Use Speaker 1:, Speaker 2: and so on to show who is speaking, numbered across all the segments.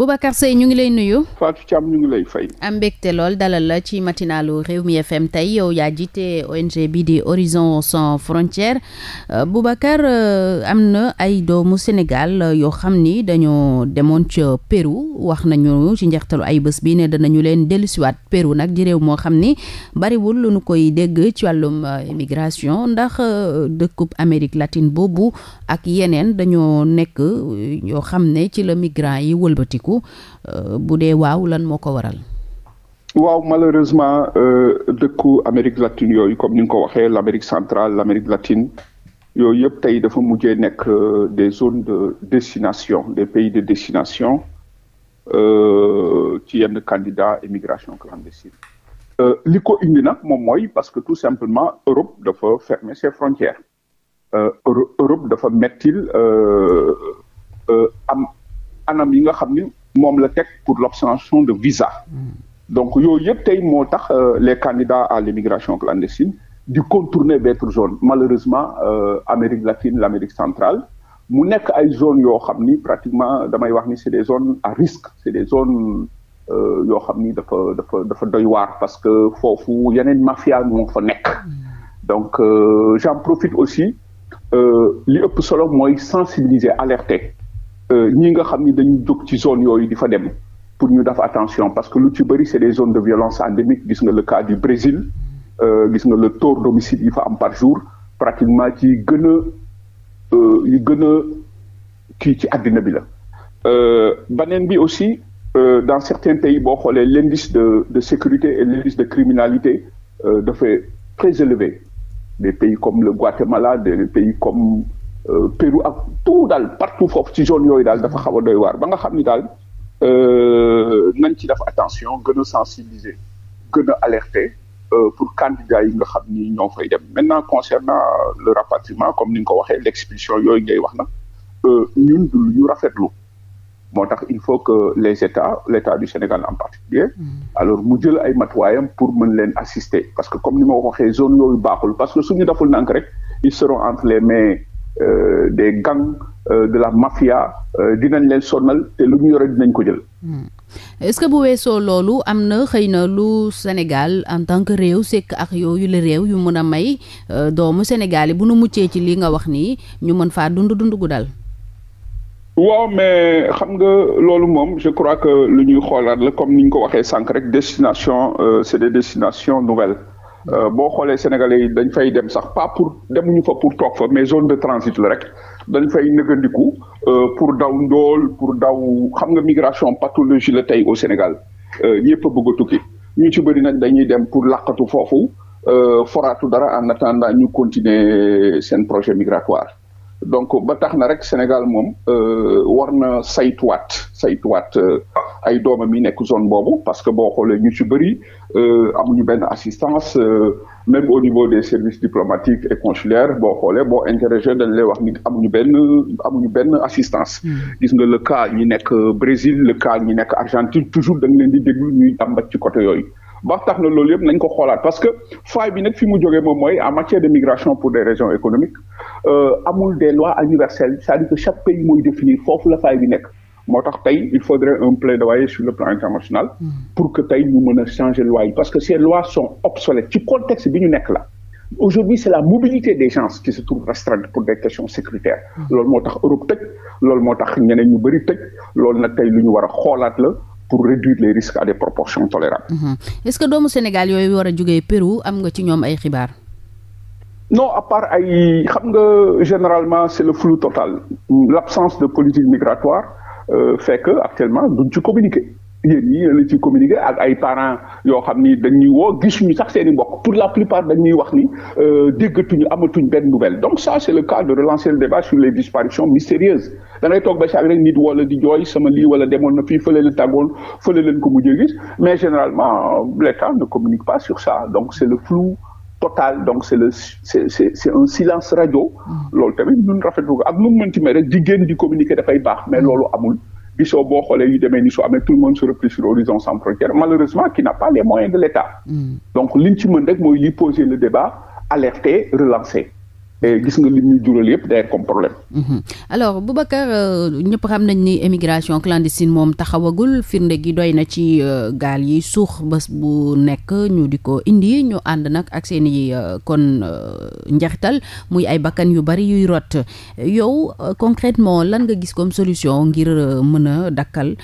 Speaker 1: Boubacar Seye ñu ngi lay nuyu. am mbégte lool dalal la ci réew Rewmi FM tey yow yaa jiite ONG bi di Horizon Sans Frontières euh, Boubacar euh, am na ay doomu Sénégal euh, yoo xam ni dañoo demoon ca Pérou wax nañu ci njeextalu ay bés bi ne danañu leen dellu dellusiwaat Pérou nag di moo xam ni bariwul lu nu koy dégg ci wàllum migration ndax dëkkub Amérique latine boobu ak yeneen dañoo nekk yoo xam ne ci la migrants yi wëlbatiku. yokku euh, bu dee waaw lan moo ko waral.
Speaker 2: waaw malheureusement euh, dëkku Amérique latine yooyu comme ni nga ko waxee l' Amérique centrale l' Amérique latine yooyu yëpp tey dafa mujjee nekk euh, des zones de destination des pays de destination ci yenn candidat immigration clandestine. li ko indi na moom mooy parce que tout simplement Europe dafa fermer ses frontières Europe dafa mettil am nga xam moom la teg pour l'obtention de visa hmm. donc yooyu yëpp tey moo tax euh, les candidats à l'immigration clandestine di contourner d'autres zone malheureusement euh, Amérique latine l'Amérique centrale mu nekk ay zones yoo xam ni pratiquement damay wax ni c'est des zones à risque c'est des zones euh, yoo xam ni dafa dafa dafa doy parce que foofu yeneen mafia moo fa nekk hmm. donc euh, j'en profite aussi euh, li ëpp solo mooy sensibiliser alerter Euh, ñi nga xam ni dañu jóg ci zone yooyu di fa dem pour ñu def attention parce que lu ci bëri c'est des zones de violence endémique gis nga le cas du Brésil euh, gis nga le taux d'homicide yi fa am par jour pratiquement ci gën a euh, yu gën a kii ci àddina bi la baneen bi aussi Euh, dans certains pays boo xoolee l'indice de sécurité et l'indice de criminalité euh, dafa très élevé des pays comme le Guatemala des pays comme Euh, Pérou ak tout daal partout foofu ci zone yooyu daal dafa xaw a doy waar ba nga xam ni daal euh, nañ ci def attention gën a sensibiliser gën a alerter euh, pour candidats yi nga xam ni ñoo fay dem maintenant concernant le rapatriement comme ni nga ko waxee l'expulsion yooyu ngay wax na ñun du ñu rafetlu moo tax il faut que les états l'état du Sénégal en particulier mm. alors mu jël ay matuwaayam pour mën leen assister parce que comme ni ma ko waxee zone yooyu baaxul parce que suñu deful nank rek ils seront entre les mains Euh, des gangs euh, de la mafia euh, dinañ leen sonal te lu ñu yore dinañ ko jël. Hmm.
Speaker 1: est-ce que bu weesoo loolu am na xëy na lu Sénégal en tant que réew sekk ak yooyu la réew yu mën a may doomu sénégali bu nu muccee ci lii nga wax nii ñu mën faa dund dund gu dal.
Speaker 2: waaw mais xam nga loolu moom je crois que lu ñuy xoolaat la comme ni ñu ko waxee sànq rek destination c'est de destinations nouvelles. Euh, boo xoolee sénégalais yi dañ fay dem sax pas pour demuñu fa pour toog fa mais zone de transit rek dañ fay nëgandiku euh, pour daw ndool pour daw xam nga migration pathologie la tey au Sénégal euh, ñëpp a bëgg a tukki ñu ci bëri nag dañuy dem pour làqatu foofu foraatu dara en attendant ñu continuer seen projet migratoire donc ba tax na rek Sénégal moom war na saytuwaat saytuwaat ay doomam yi nekk zone boobu parce que boo xoolee ñu ci bëri euh, amuñu benn assistance euh, même au niveau des services diplomatiques et consulaires boo xoolee boo interrogé dañ lay wax ni amuñu benn amuñu benn assistance. Hmm. gis nga le cas ñi nekk Brésil le cas ñi nekk Argentine toujours da leen di déglu ñuy jàmbat ci côté yooyu. ba tax na loolu yëpp nañ ko xoolaat parce que faay bi nag fi mu jógee moom mooy en matière de migration pour des raisons économiques euh, amul des lois universelles c'est-à-dire que chaque pays foofu la faay bi nekk. moo tax tey il faudrait un plaidoyer sur le plan international hmm. pour que tey ñu mën a changer loi parce que ces lois sont obsolètes ci contexte bi ñu nekk la aujourd'hui c'est la mobilité des gens qui se trouve restreinte pour des questions sécuritaires hmm. loolu moo tax Europe tëj loolu moo tax ñeneen ñu bëri tëj loolu nag tey lu ñu war a xoolaat la pour réduire les risques à des proportions tolérables
Speaker 1: hmm. est-ce que doomu Sénégal yooyu war a jógee Pérou am nga ci ñoom ay xibaar
Speaker 2: non à part ay xam nga généralement c'est le flou total l'absence de politique migratoire Euh, fekk actuellement duñ ci communiquer yéen la ci communiquer ak ay parent yoo xam ni dañuy woo gisuñu sax seen i mbokk pour la plupart dañuy wax ni euh, déggatuñu amatuñ benn nouvelle donc ça c'est le cas de relancer le débat sur les disparitions mystérieuses da toog ba chaque rek nit wala di jooy sama lii wala demoon na fii fële la tàggoon fële leen ko mujjee gis mais généralement l'État ne communique pas sur ça donc c'est le flou total donc c' est un silence radio mm. loolu tamit ñun rafetlu nu mu mënti mais rek jigéen di communiquer dafay baax mais mm. loolu amul gisoo boo xoolee yu demee ni su amee tout le monde se replie sur Horizon sans frontières malheureusement qui n'a pas les moyens de l' État. Mm. donc liñ ci mën rek mooy li poser le débat alerter relancer. et gis nga li muy jural yëpp day comme problème. Mhm.
Speaker 1: alors Boubacar euh, ñëpp xam nañ ni émigration clandestine moom taxawagul firnde gi doy na ci euh, gaal yi suux bés bu nekk ñu di ko indi ñu ànd nag ak seeni euh, kon njaxtal muy ay bakkan yu bari yuy rot yow concrètement lan nga gis comme solution ngir mën a dakkal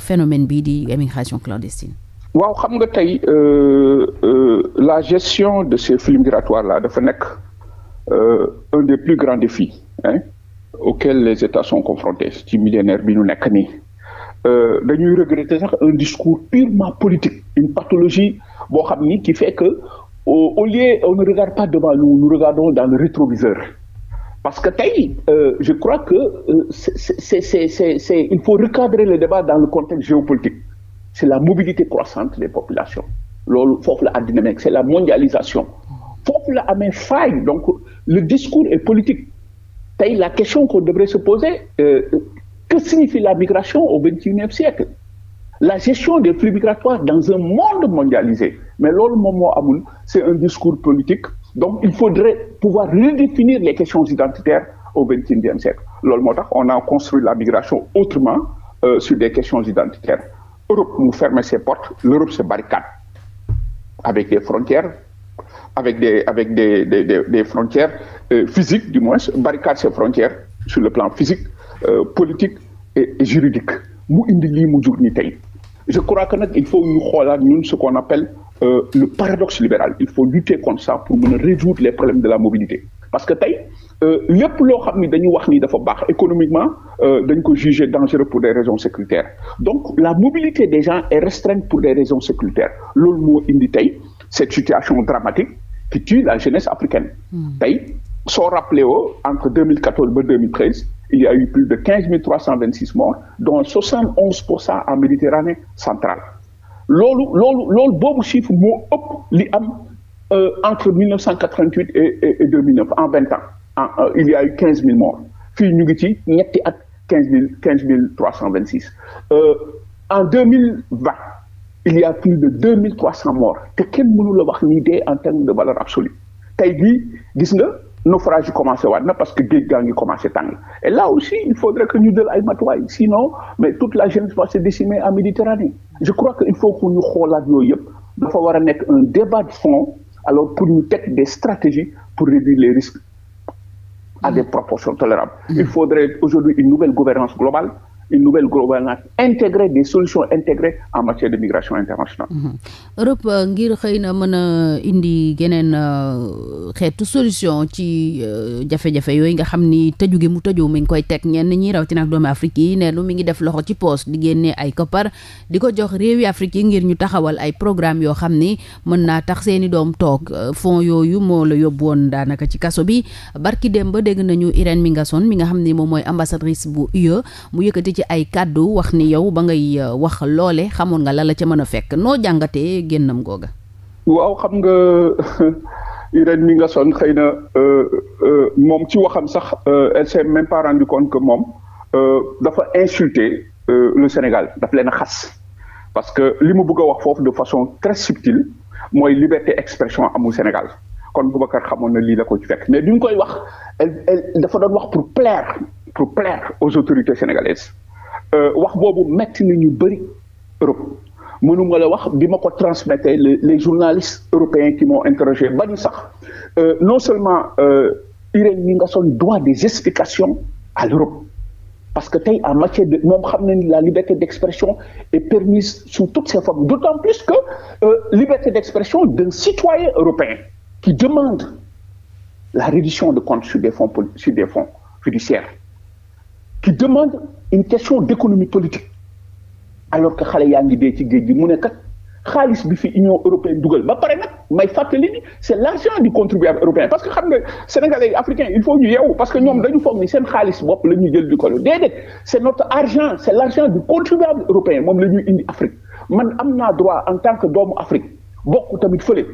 Speaker 1: phénomène bii di émigration clandestine.
Speaker 2: waaw xam nga tey la gestion de ces flux migratoires là dafa nekk. Euh, un des plus grands défis hein, auxquels les États sont confrontés ci millénaire bi ñu nekk nii euh, dañuy regretter sax un discours purement politique une pathologie boo xam ni qui fait que au, au lieu on ne regarde pas devant nous regardons dans le rétroviseur parce que tey euh, je crois que euh, c'est c'est c'est il faut recadrer le débat dans le contexte géopolitique c'est la mobilité croissante des populations loolu foofu la àddina nekk c'est la mondialisation foofu la amee faille donc le discours est politique tey la question qu'on devrait se poser euh, que signifie la migration au vingt-et-unième siècle la gestion des flux migratoires dans un monde mondialisé mais loolu moom moo amul c'est un discours politique donc il faudrait pouvoir redéfinir les questions identitaires au vingt et siècle loolu moo tax on a construit la migration autrement euh, sur des questions identitaires Europe mu ferme ses portes l'Europe se barricade avec des avec des avec des des, des, des frontières euh, physiques du moins barricade ces frontières sur le plan physique euh, politique et, juridique mu indi lii mu jug ni tey je crois que nag il faut ñu xoolaat ñun ce qu'on appelle euh, le paradoxe libéral il faut lutter contre ça pour mën a résoudre les problèmes de la mobilité parce que tey euh, lépp loo xam ni dañu wax ni dafa baax économiquement euh, dañ ko juger dangereux pour des raisons sécuritaires donc la mobilité des gens est restreinte pour des raisons sécuritaires loolu moo indi tey cette situation qui tue la jeunesse africaine. Hmm. tey soo rappelé woo entre 2014 ba 2013 il y a eu plus de 15 326 morts dont 71 pour cent en Méditerranée loolu loolu loolu boobu chiffre moo li am euh, entre 1988 et et 2009 en 20 ans en euh, il y a eu 15 000 morts ñu ngi ci ñetti at 15 000 15 326 en 2020. il y a plus de 2300 morts te kenn mënu la wax ni dee en terme de valeur absolue tey jii gis nga naufrage commencé waat na parce que géej gaa ngi commencé tàng et là aussi il faudrait que ñu jël ay matuwaay sinon mais toute la jeunesse va se décimer en Méditerranée je crois que il faut que ñu xoolaat yooyu yëpp dafa war a nekk un débat de fond alors pour ñu teg des stratégies pour réduire les risques à des proportions tolérables mmh. il faudrait aujourd'hui une nouvelle gouvernance une nouvelle gouvernance intégrée des solutions intégrées en matière de migration internationale.
Speaker 1: Mhm. Europe euh, ngir xëy na mën a indi geneen euh, xeetu solution ci euh, jafe-jafe yooyu nga xam ni tëju gi mu tëju mi ngi koy teg ñenn ñi rawatina ak doomu Afrique yi ne lu mi ngi def loxo ci poos di génne ay koppar di ko jox réew Afrique yi ngir ñu taxawal ay programme yoo xam ni mën naa tax seeni doom toog fonds yooyu moo la yóbbu woon daanaka ci kaso bi barki dem ba dégg nañu Irène Mingasson mi nga xam ni moom mooy ambassadrice bu ci ay kàddu wax ni yow ba ngay euh, wax loole xamoon nga la la ca mën a fekk noo jàngatee génnam googa
Speaker 2: waaw xam nga Irène mi nga son xëy na euh, euh, moom ci waxam sax elle s'est même pas rendu compte que moom dafa insulter lu Sénégal daf leen a xas parce que li mu bugg a wax foofu de façon très subtile mooy liberté expression amul Sénégal kon Boubacar xamoon na lii la ko ci fekk mais bi mu koy wax dafa doon wax pour plaire pour plaire aux autorités Euh, wax boobu metti na ñu bëri Europe mënuma la wax bi ma ko transmettre les journalistes européens qui m'ont interrogé ba ñu sax euh, non seulement euh, Irène Mingasson doit des explications à l'Europe parce que tey en matière de moom xam na ni la liberté d'expression est permise sous toutes ses formes d'autant plus que euh, liberté d'expression d'un citoyen européen qui demande la reddition de comptes sur des fonds sur des fonds judiciaires qui demande une question d'économie politique alors que xale yaa ngi dee ci géej gi mu ne kat xaalis bi fi Union européenne dugal ba pare nag may fàttali ni c'est l'argent du contribuable européen parce que xam na sénégalais yi africains il faut ñu yeewu parce que ñoom dañu foog ni seen xaalis bopp la ñuy jël di ko déedéet c'est notre argent c'est l'argent du contribuable européen moom la ñuy indi Afrique man am naa droit en tant que doomu Afrique bokk tamit fële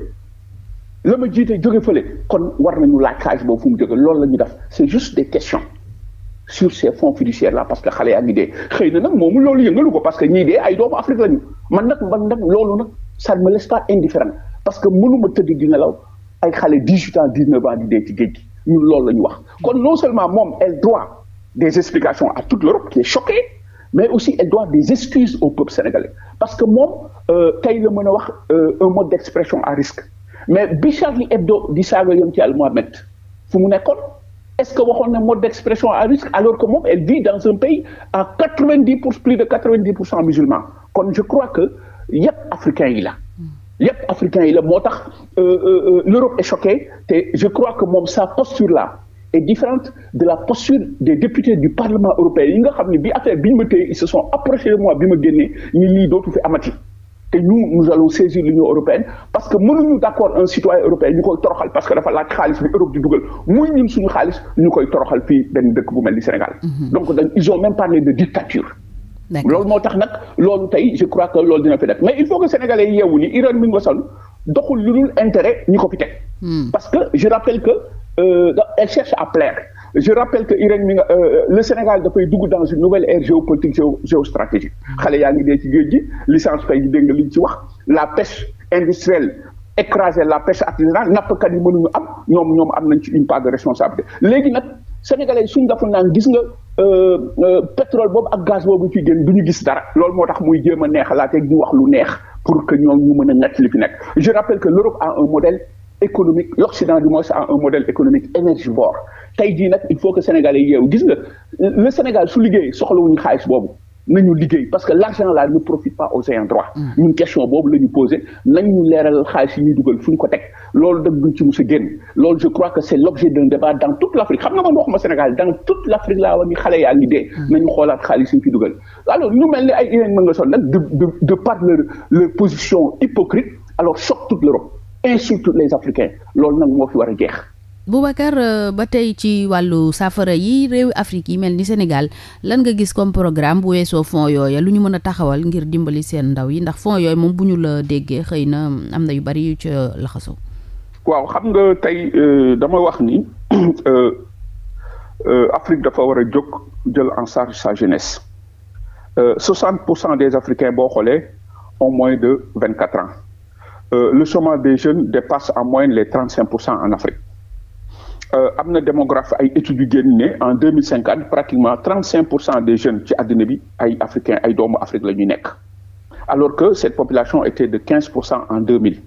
Speaker 2: la ma jóge fële kon war nañu laaj xaalis boobu fu mu jóge loolu la ñuy def c'est des questions sur ces fonds fiduciaires la parce que xale yaa ngi dee xëy na nag moomu loolu yëngalu ko parce que ñii dee ay doomu Afrique lañu man nag man nag loolu na ça ne me laisse indifférent parce que mënuma tëdd di nelaw ay xale dix huit ans dix neuf di dee ci géej gi ñun loolu la ñu wax kon non seulement moom elle doit des explications à toute l'Europe qui est choquée mais aussi elle doit des excuses au peuple sénégalais parce que moom euh, tey la mën a wax euh, un mode d'expression à risque mais bi Charlie Hebdo di saaga yoon ci Al Mohamed fu mu nekkoon est-ce que waxoon na mode d'expression à risque alors que moom elle vit dans un pays à quatre-vingt-dix pour plus de pour cent musulmans kon je crois que yëpp africain yi la hmm. yëpp africain yi la moo tax euh, euh, euh, l'Europe est choquée te je crois que moom sa posture là est différente de la posture des députés du Parlement européen yi nga xam ne bi affaire bi ñu ma téye ils se sont approchés de moi bi ma génnee ñu lii dootu fi amati te nous nous allons saisir l'Union européenne parce que mënuñu d'accord un citoyen européen ñu koy toroxal parce que dafa laaj xaalis bi Europe di dugal muy ñun suñu xaalis ñu koy toroxal fii benn dëkk bu mel ni Sénégal. Mhm. donc dañ ils ont même parlé de dictature. loolu moo tax nag loolu tey je crois que loolu dina fi def mais il faut que sénégalais yi yeewu ni Iran mi doxul lu dul intérêt ñi ko fi teg. Hmm. parce que je rappelle que euh, elle cherche à plaire. je rappelle que Irène mi nga euh, euh, le Sénégal dafay dugg dans une nouvelle ère géopolitique géostratégique xale yaa ngi dee ci géej gi licence pay yi dégg nga liñ ci wax la pêche industrielle écraser la pêche artisanale nappkat yi mënuñu am ñoom ñoom am nañ ci une part de responsabilité léegi nag sénégalais suñ dafa naan gis nga euh, pétrole boobu ak gaz boobu ci génn du ñu gis dara loolu moo tax muy jéem a neexalaat ak di wax lu neex pour que ñoom ñu mën a ngett li fi nekk je rappelle que l'Europe a un modèle économique l'Occident du moins a un modèle économique énergivore tey jii nag il faut que sénégalais yeewu gis nga le Sénégal su liggéey soxlawuñu xaalis boobu nañu liggéey parce que l'argent là ne profite pas aux ayants droit hmm. ñun question boobu la ñu posé nañu leeral xaalis yu ñuy dugal fu ñu ko teg loolu dag duñ ci mos a génn loolu je crois que c'est l'objet d'un débat dans toute l'Afrique xam nga man waxuma Sénégal dans toute l'Afrique laa wax ni xaalis yi ñu dugal alors ñu mel ni ay yeneen mën nga sol nag de de insulte les Africains loolu nag moo fi war a jeex.
Speaker 1: Boubacar euh, ba tey ci wàllu saafara yi réew Afrique yi mel ni Sénégal lan nga gis comme programme bu weesoo fonds yooya lu ñu mën a taxawal ngir dimbali seen ndaw yi ndax fonds yooyu moom bu ñu la déggee xëy na am na yu bari yu ca laxaso
Speaker 2: waaw xam nga tey euh, dama wax ni euh, Afrique dafa war a jóg jël en charge sa jeunesse soixante pour cent des Africains boo xoolee ont moins de vingt quatre ans. euh, le chômage des jeunes dépasse en moyenne les 35 pour cent en Afrique euh, am na démographe ay études yu génn ne en 2050 pratiquement 35 pour cent des jeunes ci àddina bi ay africains ay doomu Afrique la ñuy nekk alors que cette population était de 15 pour cent en 2000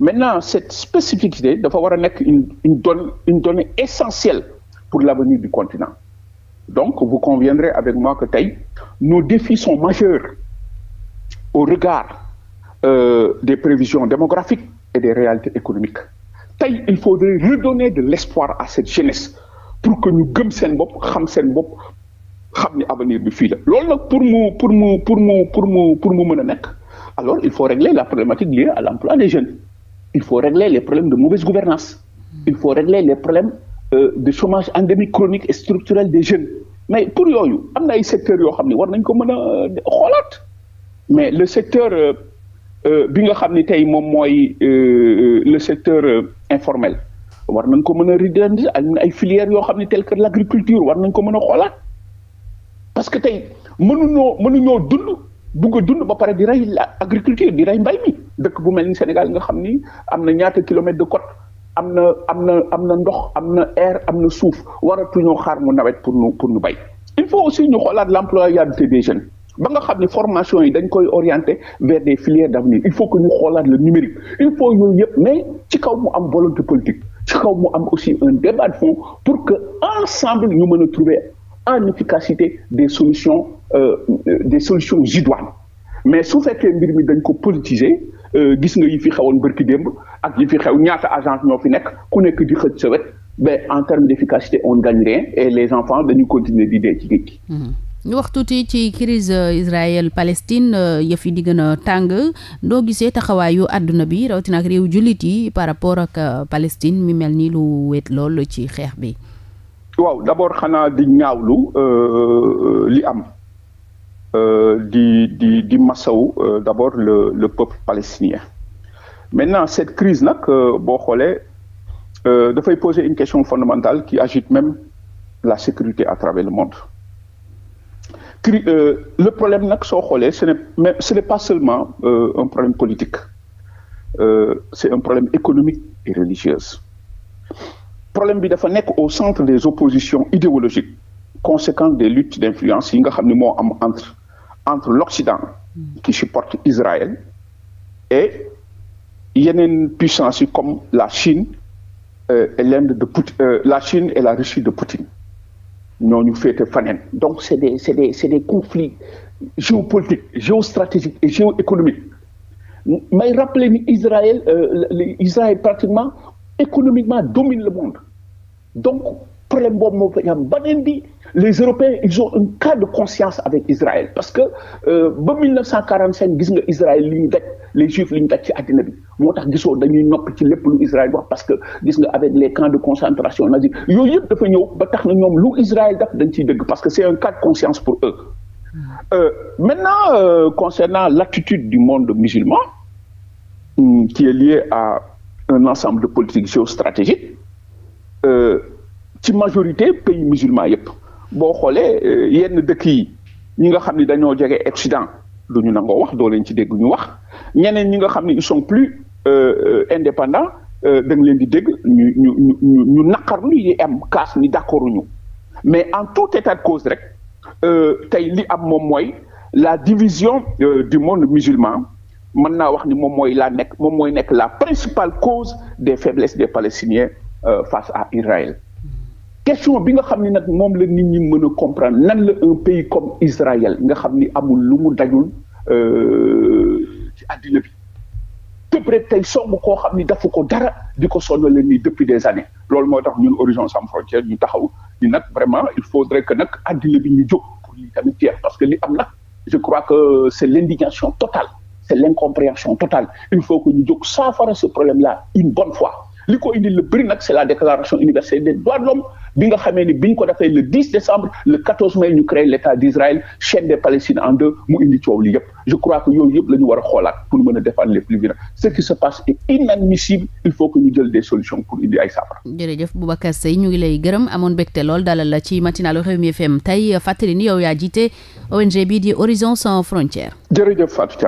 Speaker 2: maintenant cette spécificité dafa war a nekk une une donne une donnée essentielle pour l'avenir du continent donc vous conviendrez avec moi que tey nos défis sont majeurs au regard euh, des prévisions démographiques et des réalités économiques tey il faudrait redonner de l'espoir à cette jeunesse pour que ñu gëm seen bopp xam seen bopp xam ni avenir bi fii la loolu nag pour mu pour mu pour mu pour mu pour mu mën a nekk alors il faut régler la problématique liée à l'emploi des jeunes il faut régler les problèmes de mauvaise gouvernance il faut régler les problèmes euh, de chômage endémique chronique et structurel des jeunes mais pour yooyu am na ay secteurs yoo xam ne war nañ ko mën a xoolaat mais le secteur euh, Euh, bi nga xam ni tey moom mooy euh, le secteur euh, informel war nañ ko mën a redynamiser am ay filières yoo xam ne tel que l' agriculture war nañ ko mën a xoolaat parce que tey mënuñoo mënuñoo dund bugg a dund ba pare di rey agriculture di rey mbay mi dëkk bu mel ni Sénégal nga xam ni am na ñaata kilomètres de côte am na am na am na ndox am na air am na suuf waratuñoo xaar mu nawet pour nu pour nu bay il faut aussi ñu xoolaat l' employabilité des jeunes. ba nga xam ne formation yi dañ koy orienté vers des filières d'avenir il faut que ñu xoolaat le numérique il faut yooyu yëpp mais ci kaw mu am volonté politique ci kaw mu am aussi un débat de fond pour que ensemble ñu mën a trouver en efficacité des solutions euh, des solutions idoines mais su fekkee mbir mi dañ ko politiser euh, gis nga yi fi xewoon bërki démb ak yi fi xew ñaata agence ñoo fi nekk ku nekk di xëj wet mais en termes d'efficacité on ne gagne rien et les continuer di dee ci géej gi mm-hmm.
Speaker 1: ñu wax tuuti ci crise euh, Israël Palestine euh, yëf yi di gën a tàng doo gisee taxawaayu àdduna bi rawatina ak réew jullit yi par rapport ak euh, Palestine mi mel ni lu wéet lool ci xeex bi.
Speaker 2: waaw d'abord xanaa di ñaawlu li am di di di masaw d'abord le le peuple palestinien maintenant cette crise nag boo xoolee dafay poser une question fondamentale qui agite même la sécurité à travers le monde. cri euh, le problème nag soo xoolee ce mais ce n'est pas seulement euh, un problème politique euh, c'est un problème économique et religieux problème bi dafa nekk au centre des oppositions idéologiques conséquentes des luttes d'influence yi nga xam ne moo am entre entre l'Occident qui supporte Israël et yeneen puissance yi comme la Chine et l'Inde de Poutine la Chine et la Russie de Poutine ñooñu féete faneen donc c'est des c'est des c'est des conflits géopolitiques géostratégiques et géoéconomiques may rappeler ni Israël euh, Israël pratiquement économiquement domine le monde donc problème boobu moo fa ñu am baneen bi les Européens ils ont un cas de conscience avec Israël parce que euh, ba gis nga Israël li ñu daj les juifs li ñu daj ci àddina bi moo tax gisoo dañuy nopp ci lépp lu Israël wax parce que gis nga avec les camps de concentration nazis yooyu yëpp dafa ñëw ba tax na ñoom lu Israël daf dañ ciy dëgg parce que c'est un cas de conscience pour eux hmm. euh, maintenant euh, concernant l'attitude du monde musulman hmm, qui est liée à un ensemble de politiques géostratégiques euh, ci majorité pays musulman yëpp boo xoolee euh, yenn dëkk yi ñi nga xam ni dañoo jege excident du ñu nangoo wax doo leen ci dégg ñu wax ñeneen ñi nga xam ni ils sont plus euh, euh, indépendants da nga leen di dégg ñu ñu ñu ñu naqarlu yi am kaas ni d'accorduñu mais en tout état de cause rek tey li am moom mooy la division du monde musulman mën naa wax ni moom mooy la nekk moom mooy nekk la principale cause des faiblesses des Palestiniens face à Israël question bi nga xam ne nag moom la nit ñi mën a comprendre nan la un pays comme Israël nga xam ni amul lu mu dajul euh, ci àddina bi tëb rek tey song koo xam ni dafu ko dara di ko soño leen nii depuis des années loolu moo tax ñun Horizon Sans Frontières ñu taxaw ni nag vraiment il faudrait que nag àddina bi ñu jóg pour li tamit jeex parce que li am nag je crois que c'est l'indignation totale c'est l'incompréhension totale il faut que ñu jóg saafara ce problème là fois li ko indi le bëri nag la déclaration universelle de l'homme bi nga xamee ni bi ko defee le 10 décembre le mai ñu créé l' état des Palestines en deux mu indi coow li yëpp je crois que yooyu yëpp la war a xoolaat pour mën a défendre les plus vulnérables ce qui se passe est inadmissible il faut que ñu jël des solutions pour indi ay saafara.
Speaker 1: jërëjëf Boubacar Seye ñu ngi lay gërëm amoon mbégte lool dalal la ci matinalu Rewmi FM tey fàttali ni yow yaa jiite ONG bii di Horizon sans frontières.
Speaker 2: jërëjëf Fatou Thiam.